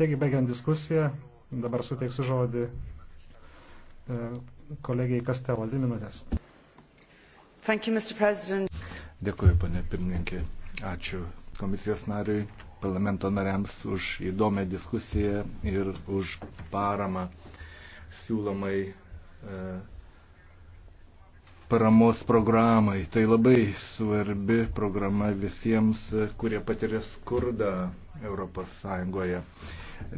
Taigi, baigiant diskusiją, dabar suteiksiu žodį e, kolegijai Kastelo. Dvi minutės. Thank you, Mr. President. Dėkuoju, panė pirmininkė. Ačiū komisijos nariui, parlamento nariams už įdomią diskusiją ir už paramą siūlomai e, paramos programai. Tai labai svarbi programa visiems, kurie patiria skurdą ES.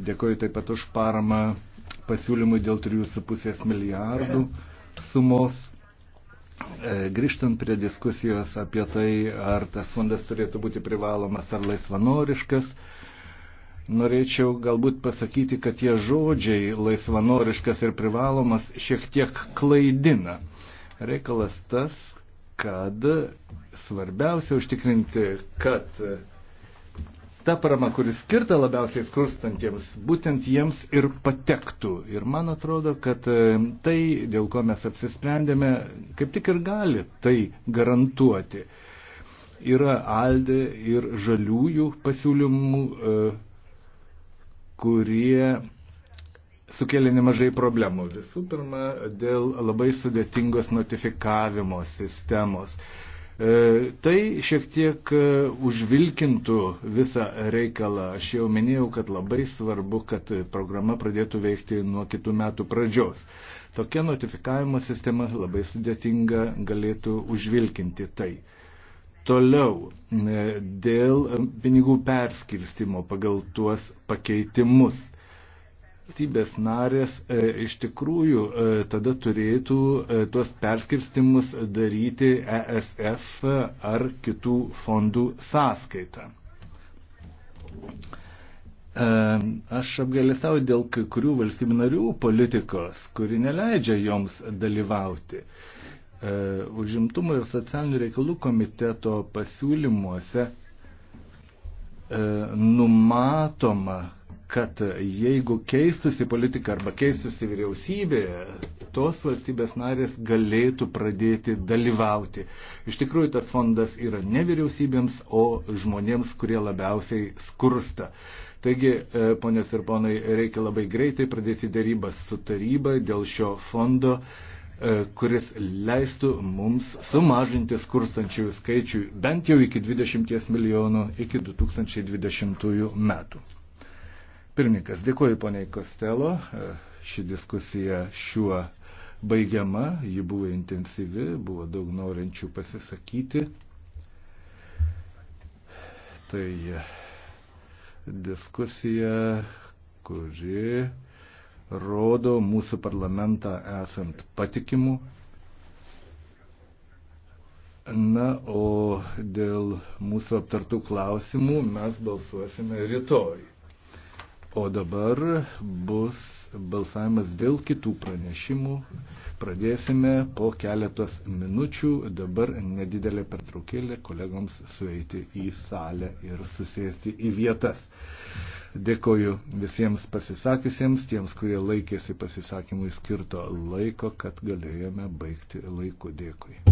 Dėkoju taip pat už paramą pasiūlymui dėl 3,5 milijardų sumos. E, grįžtant prie diskusijos apie tai, ar tas fondas turėtų būti privalomas ar laisvanoriškas, norėčiau galbūt pasakyti, kad tie žodžiai laisvanoriškas ir privalomas šiek tiek klaidina. Reikalas tas, kad svarbiausia užtikrinti, kad ta parama, kuris skirta labiausiai skurstantiems, būtent jiems ir patektų. Ir man atrodo, kad tai, dėl ko mes apsisprendėme, kaip tik ir gali tai garantuoti. Yra Aldė ir Žaliųjų pasiūlymų, e, kurie sukėlė nemažai problemų. Visų pirma, dėl labai sudėtingos notifikavimo sistemos. E, tai šiek tiek e, užvilkintų visą reikalą. Aš jau minėjau, kad labai svarbu, kad programa pradėtų veikti nuo kitų metų pradžios. Tokia notifikavimo sistema labai sudėtinga galėtų užvilkinti tai. Toliau, e, dėl pinigų perskirstimo pagal tuos pakeitimus valstybės narės e, iš tikrųjų e, tada turėtų e, tuos perskirstimus daryti ESF ar kitų fondų sąskaitą. Aš apgailestau dėl kai kurių valstybių narių politikos, kuri neleidžia joms dalyvauti. Užimtumo ir socialinių reikalų komiteto pasiūlymuose numatoma kad jeigu keistusi politika arba keistusi vyriausybė, tos valstybės narės galėtų pradėti dalyvauti. Iš tikrųjų, tas fondas yra ne vyriausybėms, o žmonėms, kurie labiausiai skursta. Taigi, e, ponios ir ponai, reikia labai greitai pradėti dėrybas su taryba dėl šio fondo e, kuris leistų mums sumažinti skurstančiųjų skaičių bent jau iki 20 milijonų iki 2020 metų. Pirmininkas, dėkuoju poniai Kostelo. E, ši diskusija šiuo baigiama, ji buvo intensyvi, buvo daug norinčių pasisakyti. Tai e, diskusija, kuri rodo mūsų parlamentą esant patikimu. Na, o dėl mūsų aptartų klausimų mes balsuosime rytoj. O dabar bus balsavimas dėl kitų pranešimų. Pradėsime po keletos minučių. Dabar nedidelė pertraukėlė kolegoms sueiti į salę ir susėsti į vietas. Dėkoju visiems pasisakysiems, tiems, kurie laikėsi pasisakymui skirto laiko, kad galėjome baigti laiku. Dėkui.